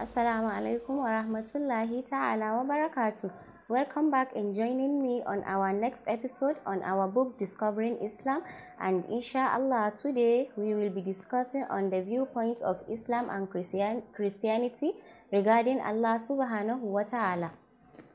Assalamu alaikum wa rahmatullahi ta'ala wa barakatuh. Welcome back and joining me on our next episode on our book Discovering Islam and inshallah today we will be discussing on the viewpoints of Islam and Christian Christianity regarding Allah subhanahu wa ta'ala.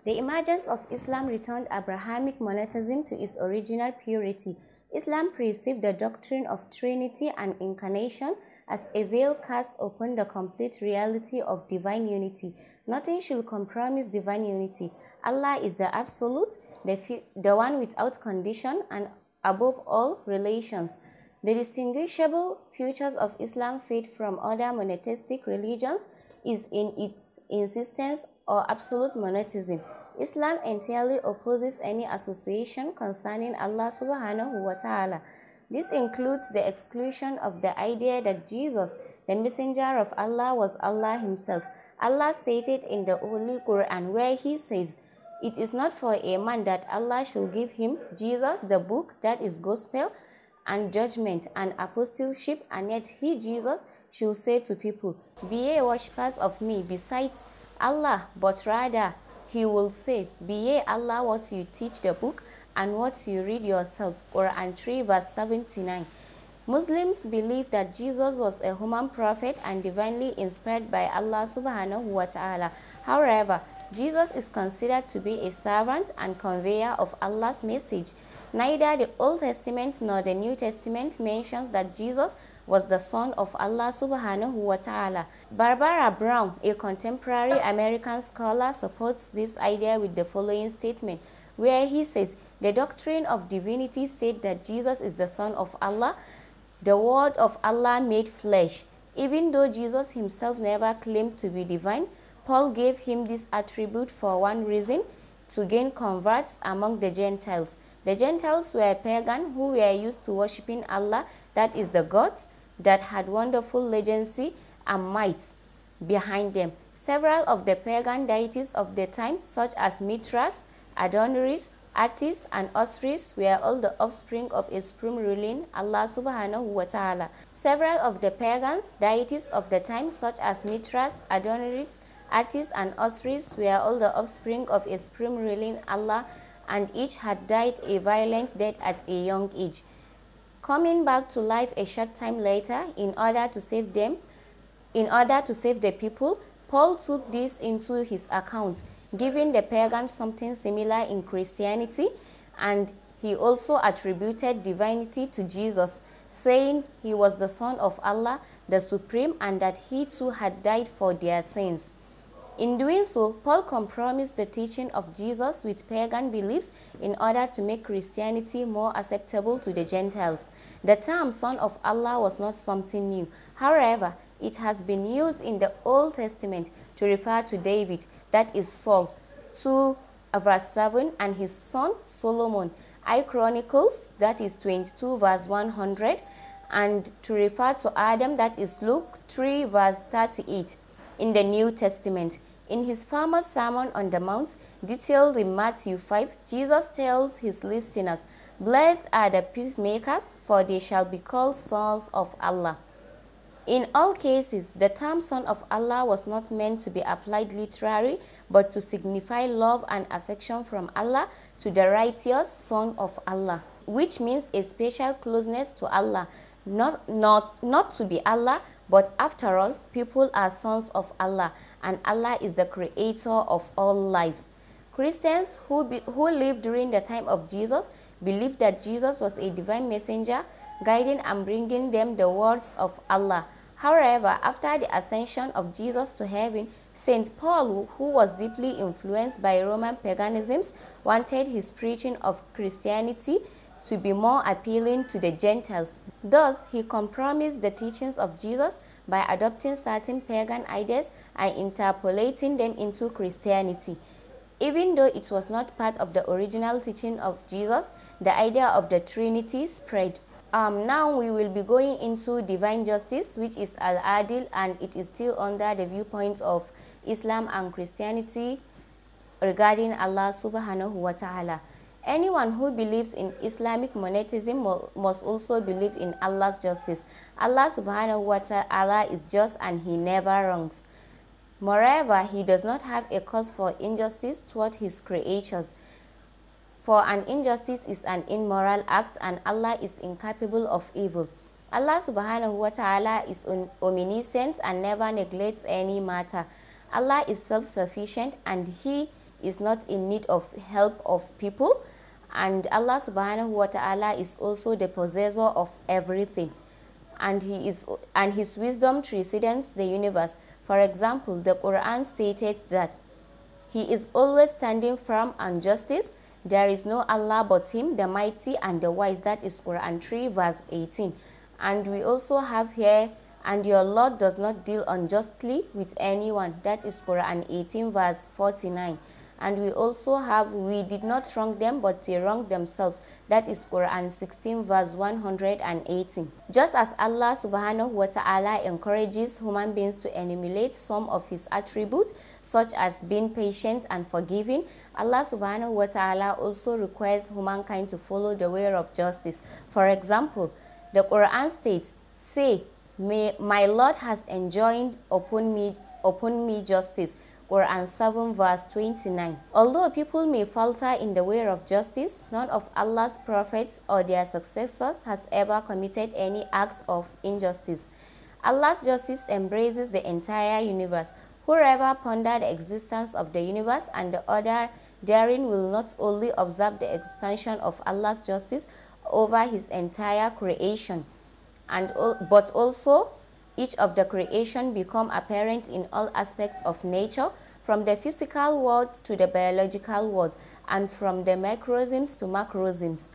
The emergence of Islam returned Abrahamic monotheism to its original purity. Islam perceived the doctrine of Trinity and incarnation as a veil cast upon the complete reality of divine unity. Nothing should compromise divine unity. Allah is the absolute, the, the one without condition, and above all relations. The distinguishable features of Islam faith from other monotheistic religions is in its insistence or absolute monotheism. Islam entirely opposes any association concerning Allah subhanahu wa ta'ala. This includes the exclusion of the idea that Jesus, the messenger of Allah, was Allah Himself. Allah stated in the Holy Quran where He says, It is not for a man that Allah should give him Jesus, the book that is gospel and judgment and apostleship, and yet He, Jesus, should say to people, Be ye worshippers of me besides Allah, but rather He will say, Be ye Allah what you teach the book and what you read yourself, Quran 3 verse 79. Muslims believe that Jesus was a human prophet and divinely inspired by Allah subhanahu wa ta'ala. However, Jesus is considered to be a servant and conveyor of Allah's message. Neither the Old Testament nor the New Testament mentions that Jesus was the son of Allah subhanahu wa ta'ala. Barbara Brown, a contemporary American scholar, supports this idea with the following statement, where he says, the doctrine of divinity said that Jesus is the Son of Allah, the Word of Allah made flesh. Even though Jesus himself never claimed to be divine, Paul gave him this attribute for one reason to gain converts among the Gentiles. The Gentiles were pagan who were used to worshipping Allah, that is the gods, that had wonderful legacy and might behind them. Several of the pagan deities of the time, such as Mithras, Adonis, Attis and Osiris were all the offspring of a supreme ruling, Allah subhanahu wa ta'ala. Several of the pagans, deities of the time such as Mithras, Adonis, Attis and Osiris were all the offspring of a supreme ruling, Allah, and each had died a violent death at a young age. Coming back to life a short time later in order to save them, in order to save the people, Paul took this into his account giving the pagans something similar in Christianity, and he also attributed divinity to Jesus, saying he was the Son of Allah, the Supreme, and that he too had died for their sins. In doing so, Paul compromised the teaching of Jesus with pagan beliefs in order to make Christianity more acceptable to the Gentiles. The term Son of Allah was not something new. However, it has been used in the Old Testament to refer to David, that is Saul, 2 uh, verse 7, and his son Solomon. I Chronicles, that is 22 verse 100, and to refer to Adam, that is Luke 3 verse 38 in the New Testament. In his famous Sermon on the Mount, detailed in Matthew 5, Jesus tells his listeners, Blessed are the peacemakers, for they shall be called sons of Allah. In all cases, the term Son of Allah was not meant to be applied literally, but to signify love and affection from Allah to the righteous Son of Allah, which means a special closeness to Allah, not, not, not to be Allah, but after all, people are sons of Allah, and Allah is the creator of all life. Christians who, be, who lived during the time of Jesus believed that Jesus was a divine messenger guiding and bringing them the words of Allah However, after the ascension of Jesus to heaven, St. Paul, who was deeply influenced by Roman paganisms, wanted his preaching of Christianity to be more appealing to the Gentiles. Thus, he compromised the teachings of Jesus by adopting certain pagan ideas and interpolating them into Christianity. Even though it was not part of the original teaching of Jesus, the idea of the Trinity spread. Um, now we will be going into divine justice, which is al-adil, and it is still under the viewpoints of Islam and Christianity regarding Allah subhanahu wa ta'ala. Anyone who believes in Islamic monetism must also believe in Allah's justice. Allah subhanahu wa ta'ala is just and he never wrongs. Moreover, he does not have a cause for injustice toward his creatures. For an injustice is an immoral act and Allah is incapable of evil. Allah subhanahu wa ta'ala is omniscient and never neglects any matter. Allah is self-sufficient and He is not in need of help of people. And Allah subhanahu wa ta'ala is also the possessor of everything. And, he is, and His wisdom transcends the universe. For example, the Quran stated that He is always standing firm on justice there is no Allah but Him, the mighty and the wise. That is Quran 3, verse 18. And we also have here, and your Lord does not deal unjustly with anyone. That is Quran 18, verse 49 and we also have we did not wrong them but they wronged themselves that is quran 16 verse 118 just as allah subhanahu wa ta'ala encourages human beings to emulate some of his attributes such as being patient and forgiving allah subhanahu wa ta'ala also requires humankind to follow the way of justice for example the quran states say my lord has enjoined upon me upon me justice Quran 7 verse 29. Although people may falter in the way of justice, none of Allah's prophets or their successors has ever committed any act of injustice. Allah's justice embraces the entire universe. Whoever ponder the existence of the universe and the order therein will not only observe the expansion of Allah's justice over his entire creation, and but also each of the creation become apparent in all aspects of nature, from the physical world to the biological world, and from the microcosms to macrocosms.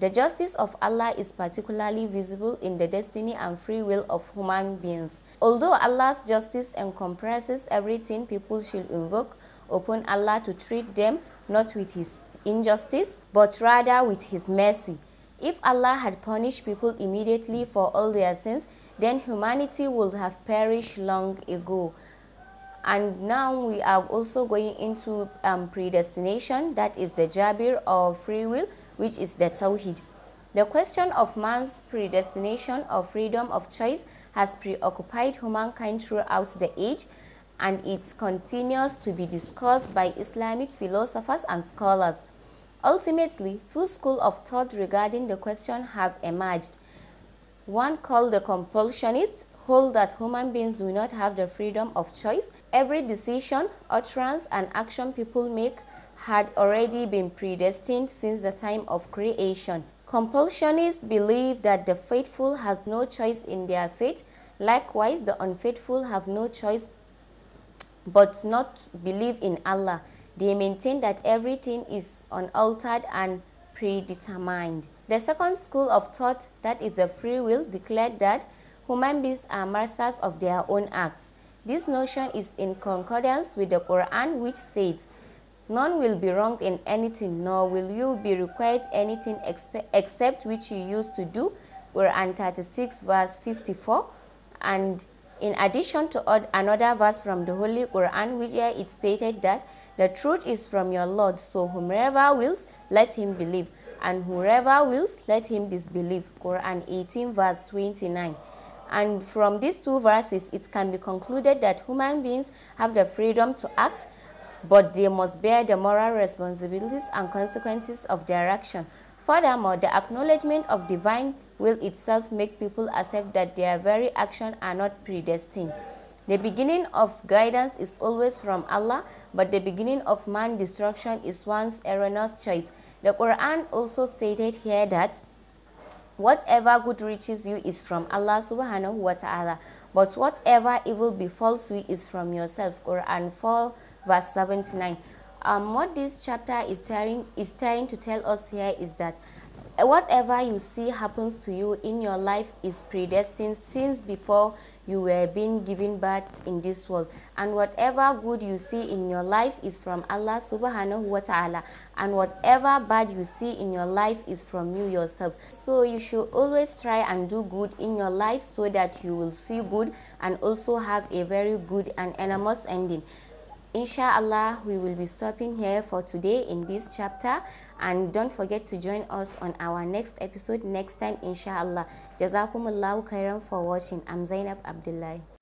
The justice of Allah is particularly visible in the destiny and free will of human beings. Although Allah's justice encompasses everything people should invoke upon Allah to treat them not with his injustice, but rather with his mercy. If Allah had punished people immediately for all their sins, then humanity would have perished long ago. And now we are also going into um, predestination, that is the Jabir or free will, which is the Tawhid. The question of man's predestination or freedom of choice has preoccupied humankind throughout the age and it continues to be discussed by Islamic philosophers and scholars. Ultimately, two schools of thought regarding the question have emerged. One called the compulsionists hold that human beings do not have the freedom of choice. Every decision, utterance, and action people make had already been predestined since the time of creation. Compulsionists believe that the faithful have no choice in their fate. Likewise, the unfaithful have no choice but not believe in Allah. They maintain that everything is unaltered and predetermined. The second school of thought, that is the free will, declared that human beings are masters of their own acts. This notion is in concordance with the Quran, which says, None will be wronged in anything, nor will you be required anything except which you used to do, Quran 36, verse 54. And in addition to another verse from the Holy Quran, which it stated that the truth is from your Lord, so whomever wills, let him believe and whoever wills, let him disbelieve. Quran 18, verse 29. And from these two verses, it can be concluded that human beings have the freedom to act, but they must bear the moral responsibilities and consequences of their action. Furthermore, the acknowledgement of divine will itself make people accept that their very actions are not predestined. The beginning of guidance is always from Allah, but the beginning of man destruction is one's erroneous choice. The Quran also stated here that whatever good reaches you is from Allah subhanahu wa ta'ala, but whatever evil befalls you is from yourself. Quran 4 verse 79. Um, what this chapter is trying, is trying to tell us here is that whatever you see happens to you in your life is predestined since before you were being given birth in this world and whatever good you see in your life is from allah subhanahu wa ta'ala and whatever bad you see in your life is from you yourself so you should always try and do good in your life so that you will see good and also have a very good and enormous ending Inshallah, we will be stopping here for today in this chapter. And don't forget to join us on our next episode next time, inshallah. Jazakumullahu khairan for watching. I'm Zainab abdullah